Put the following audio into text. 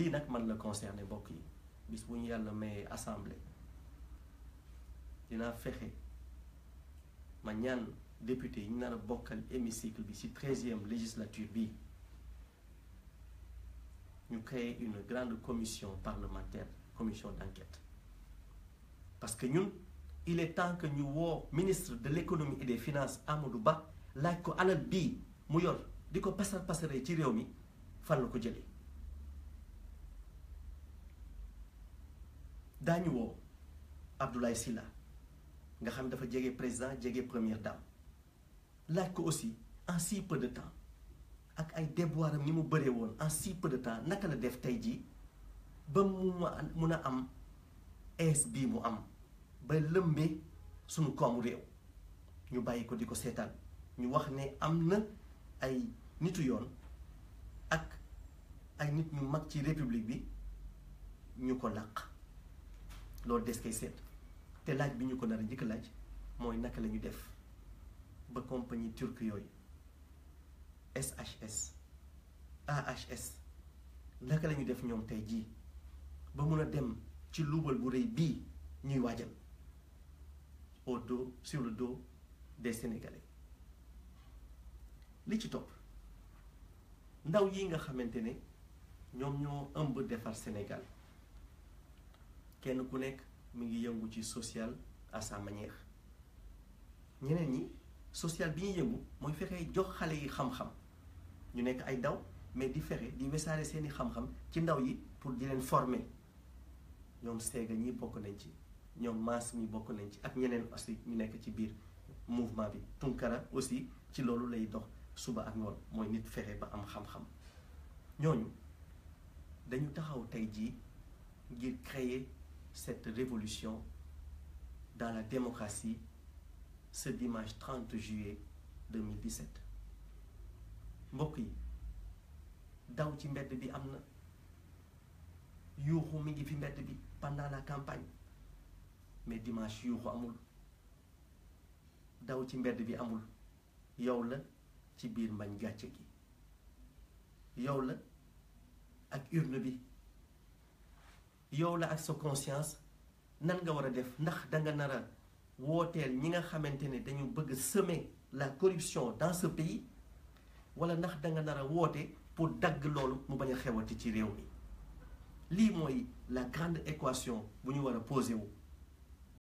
Li nak man la concerné yi bis bu ñu député ñu hémicycle législature Nous ñu une grande commission parlementaire commission d'enquête parce que nous, il est temps que nous ministre de l'économie et des finances Amadou Ba ko mu yor daañu woo Abdoulaye Sylla nga xam dafa jege président jege première dame laaj ko aussi en si de temps ak ay déboire am ni mu bëree woon en si de temps naka la def tey jii ba mu mun a am aise bii mu am ba lëmbee suñu koomu réew ñu bàyyi ko di ko seetaan ñu wax ne am na ay nitu yoon ak ay nit ñu mag ci république bi ñu ko làq loolu des koy seet te laaj bi ñu ko nar a njëkk laaj mooy naka la def ba compagnie turque yooyu SHS AHS naka la def ñoom tey jii ba mun a dem ci luubal bu rëy bii ñuy waajal au dos sur le dos li ci topp ndaw yi nga xamante ne ñoom ñoo ëmb defar Sénégal. kenn ku nekk mu ngi yëngu ci social à sa ñeneen yi social bi ñuy yëngu mooy fexe jox xale yi xam-xam ñu nekk ay daw mais di fexe di wesaare seeni xam-xam ci ndaw yi pour di leen former ñoom seega ñi bokk nañ ci ñoom maas mi bokk nañ ci ak ñeneen aussi mu nekk ci biir mouvement bi tunkara aussi ci loolu lay dox suba ak ngoon mooy nit fexe ba am xam-xam ñooñu dañu taxaw tey jii ngir créer cette révolution dans la démocratie ce dimanche 30 juillet 2017 mbokk yi daw ci mbedd bi amna na yuuxu mi fi bi pendant la campagne mais dimanche yuuxu amul daw ci mbedd bi amul yow la ci bir man gàcce yow ak urne bi yow la ak sa conscience nan nga war a def ndax danga nar a wooteel ñi nga xamante ne dañu bëgg semer la corruption dans ce pays wala ndax danga nar a woote pour dagg loolu mu bañ a xewati ci réew mi lii mooy la grande équation bu ñu war a posé wu